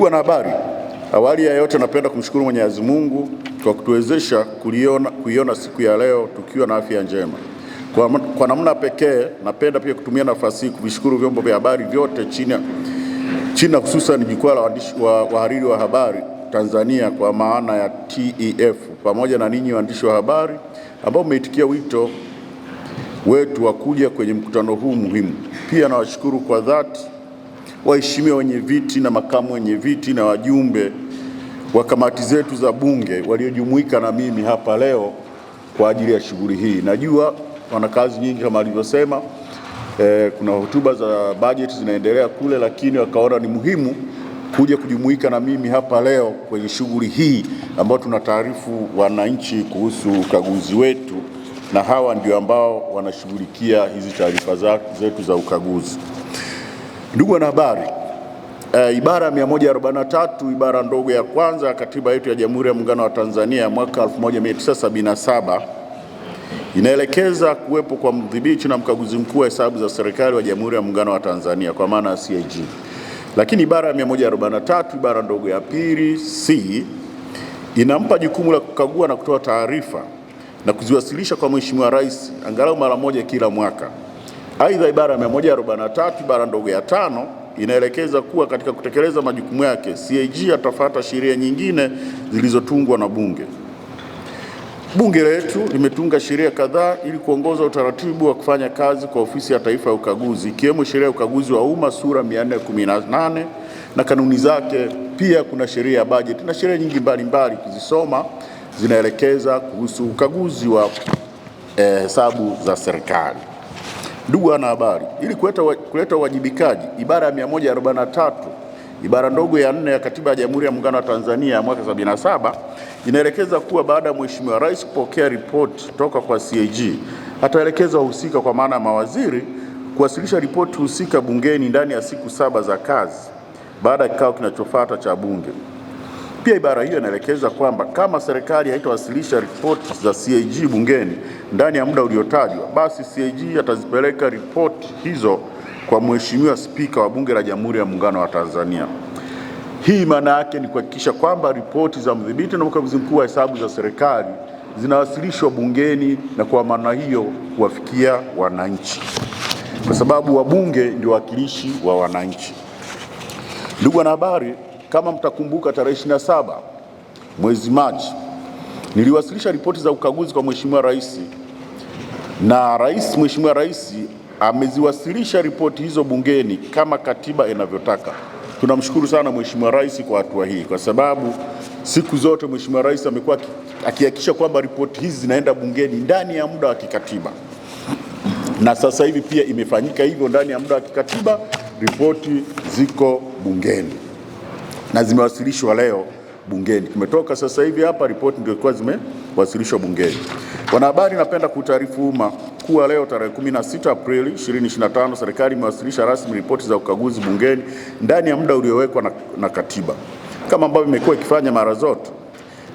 Ndugu wanahabari, awali ya yote napenda kumshukuru Mwenyezi Mungu kwa kutuwezesha kuliona, kuiona siku ya leo tukiwa na afya njema. Kwa, kwa namna pekee napenda pia kutumia nafasi hii kuvishukuru vyombo vya habari vyote China, China hususan jukwaa la wahariri wa, wa habari Tanzania kwa maana ya TEF pamoja na ninyi waandishi wa habari ambao mmeitikia wito wetu wa kuja kwenye mkutano huu muhimu. Pia nawashukuru kwa dhati waheshimiwa wenye viti na makamu wenye viti na wajumbe wa kamati zetu za bunge waliojumuika na mimi hapa leo kwa ajili ya shughuli hii. Najua wana kazi nyingi kama alivyosema eh, kuna hotuba za bajeti zinaendelea kule, lakini wakaona ni muhimu kuja kujumuika na mimi hapa leo kwenye shughuli hii ambayo tunataarifu wananchi kuhusu ukaguzi wetu, na hawa ndio ambao wanashughulikia hizi taarifa zetu za ukaguzi. Ndugu wanahabari, e, ibara ya 143 ibara ndogo ya kwanza ya katiba yetu ya Jamhuri ya Muungano wa Tanzania ya mwaka 1977 inaelekeza kuwepo kwa mdhibiti na mkaguzi mkuu wa hesabu za serikali wa Jamhuri ya Muungano wa Tanzania kwa maana ya CAG. Lakini ibara ya 143 ibara ndogo ya pili C inampa jukumu la kukagua na kutoa taarifa na kuziwasilisha kwa Mheshimiwa Rais angalau mara moja kila mwaka. Aidha, ibara ya 143 ibara ndogo ya tano inaelekeza kuwa katika kutekeleza majukumu yake CAG atafuata sheria nyingine zilizotungwa na Bunge. Bunge letu limetunga sheria kadhaa ili kuongoza utaratibu wa kufanya kazi kwa Ofisi ya Taifa ya Ukaguzi, ikiwemo sheria ya ukaguzi wa umma sura 418 na kanuni zake. Pia kuna sheria ya bajeti na sheria nyingi mbalimbali, kuzisoma zinaelekeza kuhusu ukaguzi wa eh, hesabu eh, za serikali. Ndugu wanahabari, ili kuleta uwajibikaji, ibara ya 143 ibara ndogo ya nne ya Katiba ya Jamhuri ya Muungano wa Tanzania ya mwaka 77 inaelekeza kuwa baada ya Mheshimiwa Rais kupokea ripoti toka kwa CAG ataelekeza wahusika, kwa maana ya mawaziri, kuwasilisha ripoti husika bungeni ndani ya siku saba za kazi baada ya kikao kinachofuata cha Bunge. Pia ibara hiyo inaelekeza kwamba kama serikali haitawasilisha ripoti za CAG bungeni ndani ya muda uliotajwa, basi CAG atazipeleka ripoti hizo kwa Mheshimiwa Spika wa Bunge la Jamhuri ya Muungano wa Tanzania. Hii maana yake ni kuhakikisha kwamba ripoti za mdhibiti na mkaguzi mkuu wa hesabu za serikali zinawasilishwa bungeni na kwa maana hiyo kuwafikia wananchi, kwa sababu wabunge ndio wawakilishi wa wananchi. Ndugu wanahabari, kama mtakumbuka, tarehe 27 mwezi Machi niliwasilisha ripoti za ukaguzi kwa Mheshimiwa Rais na rais, Mheshimiwa Rais ameziwasilisha ripoti hizo bungeni kama katiba inavyotaka. Tunamshukuru sana Mheshimiwa Rais kwa hatua hii, kwa sababu siku zote Mheshimiwa Rais amekuwa akihakikisha kwamba ripoti hizi zinaenda bungeni ndani ya muda wa kikatiba, na sasa hivi pia imefanyika hivyo. Ndani ya muda wa kikatiba ripoti ziko bungeni na zimewasilishwa leo bungeni. Kimetoka sasa hivi hapa, ripoti ndio kwa zimewasilishwa bungeni. Wanahabari, napenda kutaarifu umma kuwa leo tarehe 16 Aprili 2025 serikali imewasilisha rasmi ripoti za ukaguzi bungeni ndani ya muda uliowekwa na, na katiba kama ambavyo imekuwa ikifanya mara zote.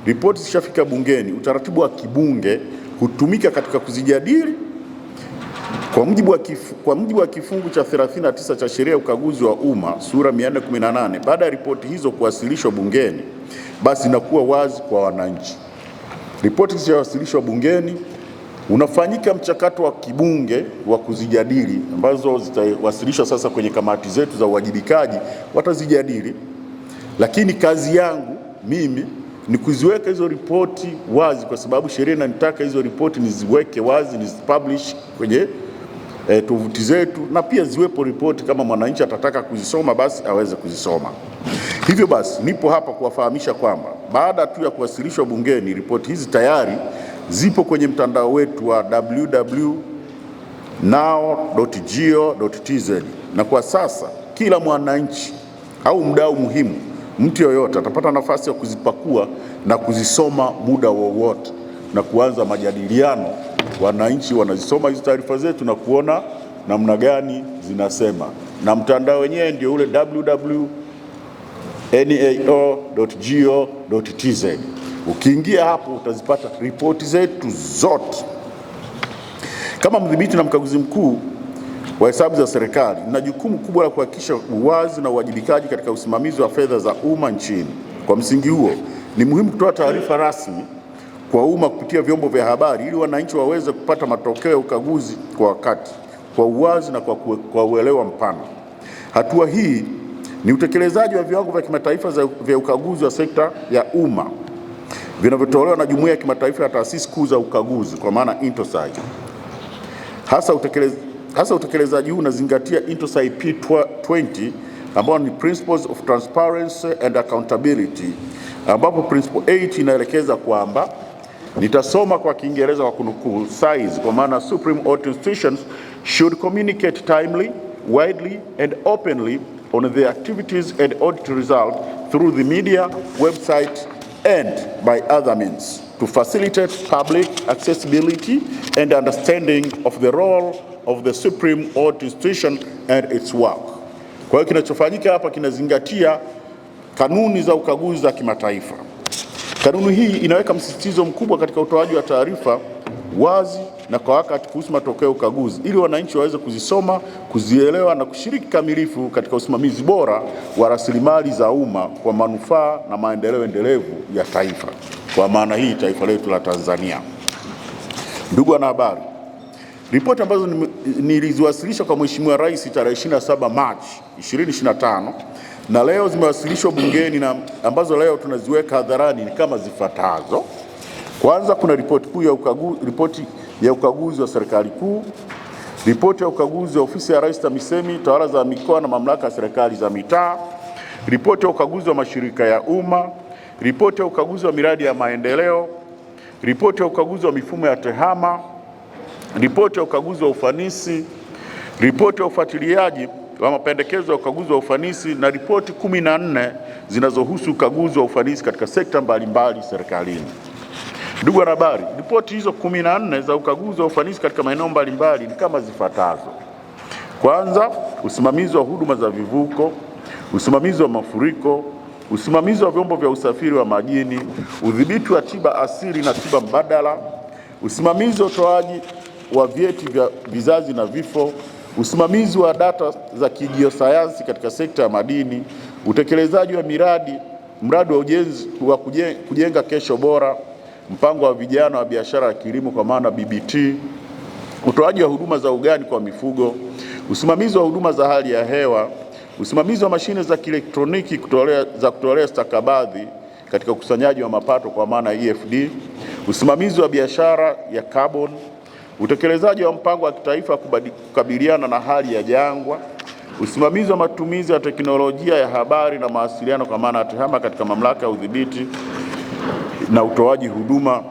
Ripoti zishafika bungeni, utaratibu wa kibunge hutumika katika kuzijadili kwa mujibu wa kifu, kwa mujibu wa kifungu cha 39 cha sheria ya ukaguzi wa umma sura 418, baada ya ripoti hizo kuwasilishwa bungeni, basi inakuwa wazi kwa wananchi. Ripoti zilizowasilishwa bungeni, unafanyika mchakato wa kibunge wa kuzijadili, ambazo zitawasilishwa sasa kwenye kamati zetu za uwajibikaji, watazijadili. Lakini kazi yangu mimi ni kuziweka hizo ripoti wazi, kwa sababu sheria inanitaka hizo ripoti niziweke wazi, nizipublish kwenye e, tovuti zetu, na pia ziwepo ripoti kama mwananchi atataka kuzisoma basi aweze kuzisoma. Hivyo basi nipo hapa kuwafahamisha kwamba baada tu ya kuwasilishwa bungeni, ripoti hizi tayari zipo kwenye mtandao wetu wa www.nao.go.tz na kwa sasa kila mwananchi au mdau muhimu, mtu yoyote atapata nafasi ya kuzipakua na kuzisoma muda wowote na kuanza majadiliano wananchi wanazisoma hizo taarifa zetu na kuona namna gani zinasema, na mtandao wenyewe ndio ule www.nao.go.tz. Ukiingia hapo utazipata ripoti zetu zote. Kama mdhibiti na mkaguzi mkuu wa hesabu za serikali, na jukumu kubwa la kuhakikisha uwazi na uwajibikaji katika usimamizi wa fedha za umma nchini. Kwa msingi huo, ni muhimu kutoa taarifa rasmi kwa umma kupitia vyombo vya habari ili wananchi waweze kupata matokeo ya ukaguzi kwa wakati, kwa uwazi na kwa, kwa uelewa mpana. Hatua hii ni utekelezaji wa viwango vya kimataifa vya ukaguzi wa sekta ya umma vinavyotolewa na Jumuiya ya Kimataifa ya Taasisi Kuu za Ukaguzi kwa maana Intosai. Hasa utekelezaji hasa utekelezaji huu unazingatia Intosai P20 ambao ni Principles of Transparency and Accountability ambapo principle 8 inaelekeza kwamba Nitasoma kwa Kiingereza kwa kunukuu size, kwa maana supreme authority institutions should communicate timely widely and openly on the activities and audit result through the media website and by other means to facilitate public accessibility and understanding of the role of the supreme audit institution and its work. Kwa hiyo kinachofanyika hapa kinazingatia kanuni za ukaguzi za kimataifa. Kanuni hii inaweka msisitizo mkubwa katika utoaji wa taarifa wazi na kwa wakati kuhusu matokeo ya ukaguzi ili wananchi waweze kuzisoma, kuzielewa na kushiriki kamilifu katika usimamizi bora wa rasilimali za umma kwa manufaa na maendeleo endelevu ya taifa, kwa maana hii taifa letu la Tanzania. Ndugu wanahabari, ripoti ambazo niliziwasilisha kwa Mheshimiwa Rais tarehe 27 Machi 2025 na leo zimewasilishwa bungeni na ambazo leo tunaziweka hadharani ni kama zifuatazo. Kwanza kuna ripoti kuu ya ukaguzi, ripoti ya ukaguzi wa serikali kuu, ripoti ya ukaguzi wa ofisi ya Rais TAMISEMI, tawala za mikoa na mamlaka ya serikali za mitaa, ripoti ya ukaguzi wa mashirika ya umma, ripoti ya ukaguzi wa miradi ya maendeleo, ripoti ya ukaguzi wa mifumo ya tehama, ripoti ya ukaguzi wa ufanisi, ripoti ya ufuatiliaji wa mapendekezo ya ukaguzi wa ufanisi na ripoti kumi na nne zinazohusu ukaguzi wa ufanisi katika sekta mbalimbali serikalini. Ndugu wanahabari, ripoti hizo kumi na nne za ukaguzi wa ufanisi katika maeneo mbalimbali ni kama zifuatazo: kwanza, usimamizi wa huduma za vivuko, usimamizi wa mafuriko, usimamizi wa vyombo vya usafiri wa majini, udhibiti wa tiba asili na tiba mbadala, usimamizi wa utoaji wa vyeti vya vizazi na vifo usimamizi wa data za kijiosayansi katika sekta ya madini, utekelezaji wa miradi mradi wa ujenzi wa kujenga kesho bora, mpango wa vijana wa biashara ya kilimo kwa maana BBT, utoaji wa huduma za ugani kwa mifugo, usimamizi wa huduma za hali ya hewa, usimamizi wa mashine za kielektroniki kutolea, za kutolea stakabadhi katika ukusanyaji wa mapato kwa maana EFD, usimamizi wa biashara ya carbon utekelezaji wa mpango wa kitaifa kukabiliana na hali ya jangwa, usimamizi wa matumizi ya teknolojia ya habari na mawasiliano kwa maana ya TEHAMA katika mamlaka ya udhibiti na utoaji huduma,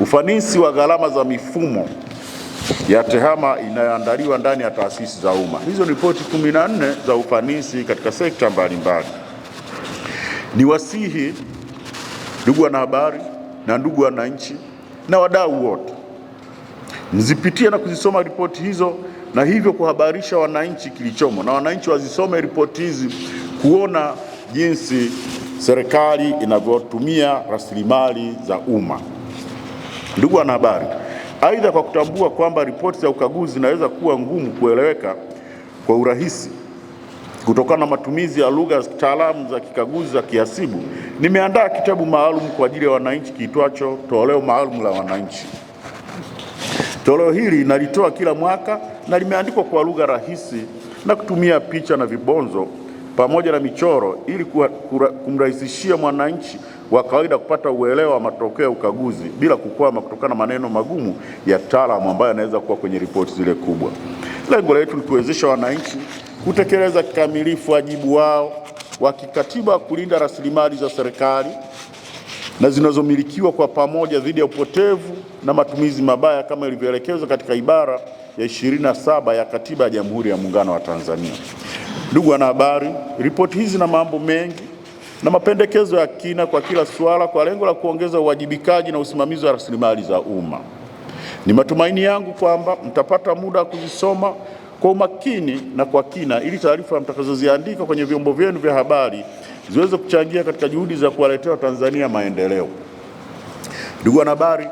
ufanisi wa gharama za mifumo ya TEHAMA inayoandaliwa ndani ya taasisi za umma. Hizo ni ripoti 14 za ufanisi katika sekta mbalimbali. Ni wasihi ndugu wanahabari na ndugu wananchi na wadau wote mzipitie na kuzisoma ripoti hizo na hivyo kuhabarisha wananchi kilichomo, na wananchi wazisome ripoti hizi kuona jinsi serikali inavyotumia rasilimali za umma. Ndugu wanahabari, aidha, kwa kutambua kwamba ripoti za ukaguzi zinaweza kuwa ngumu kueleweka kwa urahisi kutokana na matumizi ya lugha za kitaalamu za kikaguzi za kihasibu, nimeandaa kitabu maalum kwa ajili ya wananchi kiitwacho Toleo Maalum la Wananchi. Toleo hili nalitoa kila mwaka na limeandikwa kwa lugha rahisi na kutumia picha na vibonzo pamoja na michoro ili kumrahisishia mwananchi wa kawaida kupata uelewa wa matokeo ya ukaguzi bila kukwama kutokana na maneno magumu ya taalamu ambayo yanaweza kuwa kwenye ripoti zile kubwa. Lengo letu ni kuwezesha wananchi kutekeleza kikamilifu wajibu wao wa kikatiba, kulinda rasilimali za serikali na zinazomilikiwa kwa pamoja dhidi ya upotevu na matumizi mabaya kama ilivyoelekezwa katika ibara ya 27 ya Katiba ya Jamhuri ya Muungano wa Tanzania. Ndugu wanahabari, ripoti hizi na mambo mengi na mapendekezo ya kina kwa kila suala kwa lengo la kuongeza uwajibikaji na usimamizi wa rasilimali za umma. Ni matumaini yangu kwamba mtapata muda wa kuzisoma kwa umakini na kwa kina ili taarifa mtakazoziandika kwenye vyombo vyenu vya habari ziweze kuchangia katika juhudi za kuwaletea Watanzania maendeleo. Ndugu wanahabari,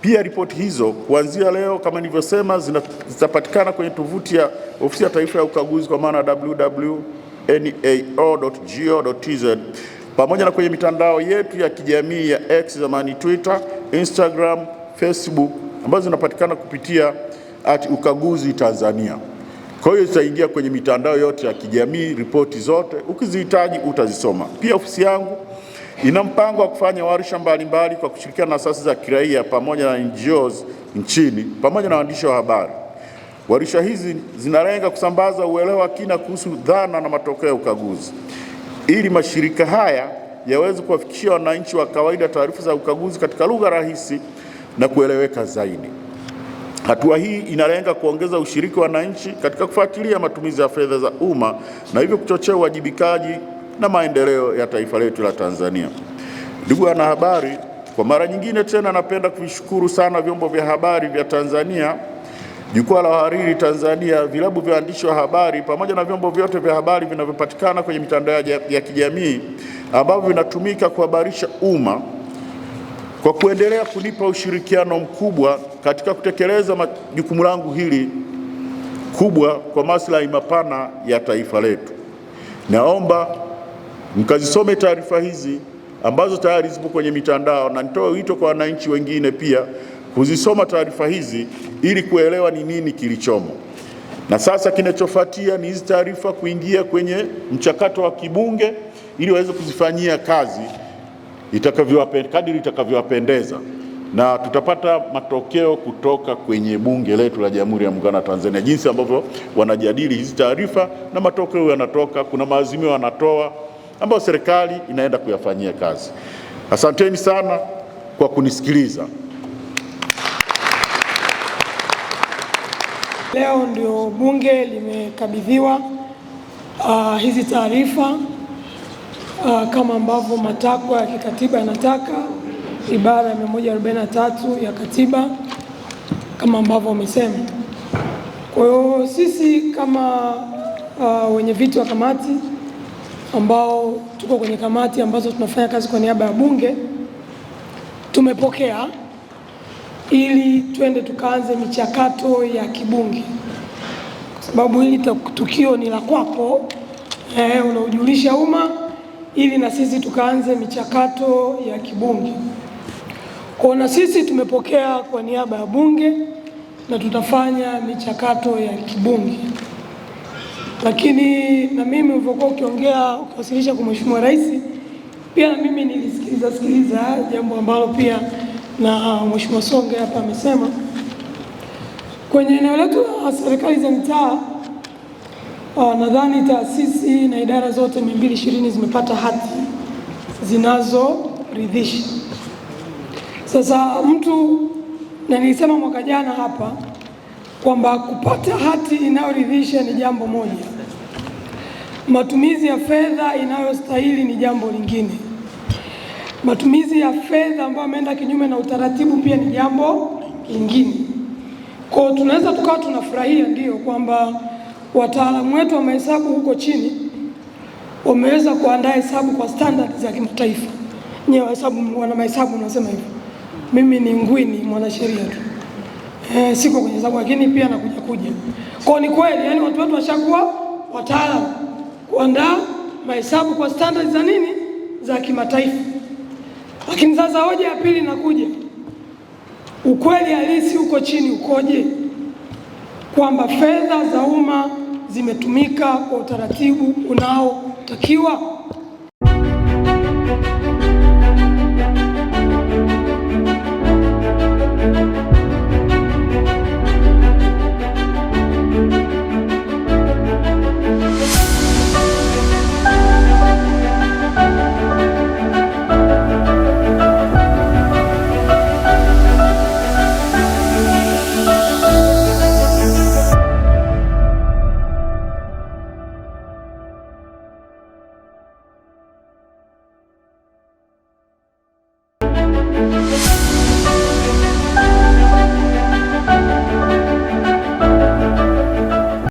pia ripoti hizo kuanzia leo kama nilivyosema, zitapatikana kwenye tovuti ya Ofisi ya Taifa ya Ukaguzi kwa maana www.nao.go.tz pamoja na kwenye mitandao yetu ya kijamii ya X zamani Twitter, Instagram, Facebook ambazo zinapatikana kupitia at ukaguzi Tanzania. Kwa hiyo zitaingia kwenye mitandao yote ya kijamii, ripoti zote ukizihitaji utazisoma. Pia ofisi yangu ina mpango wa kufanya warsha mbalimbali kwa kushirikiana na asasi za kiraia pamoja na NGOs nchini pamoja na waandishi wa habari. Warsha hizi zinalenga kusambaza uelewa wa kina kuhusu dhana na matokeo ya ukaguzi ili mashirika haya yaweze kuwafikishia wananchi wa kawaida taarifa za ukaguzi katika lugha rahisi na kueleweka zaidi. Hatua hii inalenga kuongeza ushiriki wa wananchi katika kufuatilia matumizi ya fedha za umma na hivyo kuchochea uwajibikaji na maendeleo ya taifa letu la Tanzania. Ndugu wanahabari, kwa mara nyingine tena napenda kuvishukuru sana vyombo vya habari vya Tanzania, Jukwaa la Wahariri Tanzania, vilabu vya waandishi wa habari pamoja na vyombo vyote vya habari vinavyopatikana kwenye mitandao ya kijamii ambavyo vinatumika kuhabarisha umma kwa kuendelea kunipa ushirikiano mkubwa katika kutekeleza jukumu langu hili kubwa kwa maslahi mapana ya taifa letu. Naomba mkazisome taarifa hizi ambazo tayari zipo kwenye mitandao, na nitoe wito kwa wananchi wengine pia kuzisoma taarifa hizi ili kuelewa ni nini kilichomo. Na sasa kinachofuatia ni hizi taarifa kuingia kwenye mchakato wa kibunge ili waweze kuzifanyia kazi itakavyowapendeza, kadiri itakavyowapendeza na tutapata matokeo kutoka kwenye bunge letu la Jamhuri ya Muungano wa Tanzania, jinsi ambavyo wanajadili hizi taarifa na matokeo yanatoka. Kuna maazimio wanatoa ambayo serikali inaenda kuyafanyia kazi. Asanteni sana kwa kunisikiliza. Leo ndio bunge limekabidhiwa uh, hizi taarifa uh, kama ambavyo matakwa ya kikatiba yanataka, ibara ya 143 ya katiba kama ambavyo wamesema. Kwa hiyo sisi kama uh, wenye viti wa kamati ambao tuko kwenye kamati ambazo tunafanya kazi kwa niaba ya bunge tumepokea ili twende tukaanze michakato ya kibunge, kwa sababu hili tukio ni la kwako, eh, unaujulisha umma ili na sisi tukaanze michakato ya kibunge. Kwa na sisi tumepokea kwa niaba ya bunge na tutafanya michakato ya kibunge. Lakini na mimi ulivyokuwa ukiongea ukiwasilisha kwa Mheshimiwa Rais, pia na mimi nilisikiliza sikiliza jambo ambalo pia na uh, Mheshimiwa Songe hapa amesema kwenye eneo letu la serikali za mitaa Uh, nadhani taasisi na idara zote 220 zimepata hati zinazoridhisha. Sasa mtu na nilisema mwaka jana hapa kwamba kupata hati inayoridhisha ni jambo moja, matumizi ya fedha inayostahili ni jambo lingine. Matumizi ya fedha ambayo ameenda kinyume na utaratibu pia ni jambo lingine. Kwao tunaweza tukawa tunafurahia ndio kwamba Wataalamu wetu wa mahesabu huko chini wameweza kuandaa hesabu kwa standard za kimataifa. Nyewe wahesabu, wana mahesabu nasema hivyo, mimi ni ngwini mwanasheria tu e, siko kwenye hesabu, lakini pia nakuja kuja kwao. Ni kweli, yani watu wetu washakuwa wataalamu kuandaa mahesabu kwa standard za nini, za kimataifa. Lakini sasa hoja ya pili inakuja, ukweli halisi huko chini ukoje, kwamba fedha za umma zimetumika kwa utaratibu unaotakiwa.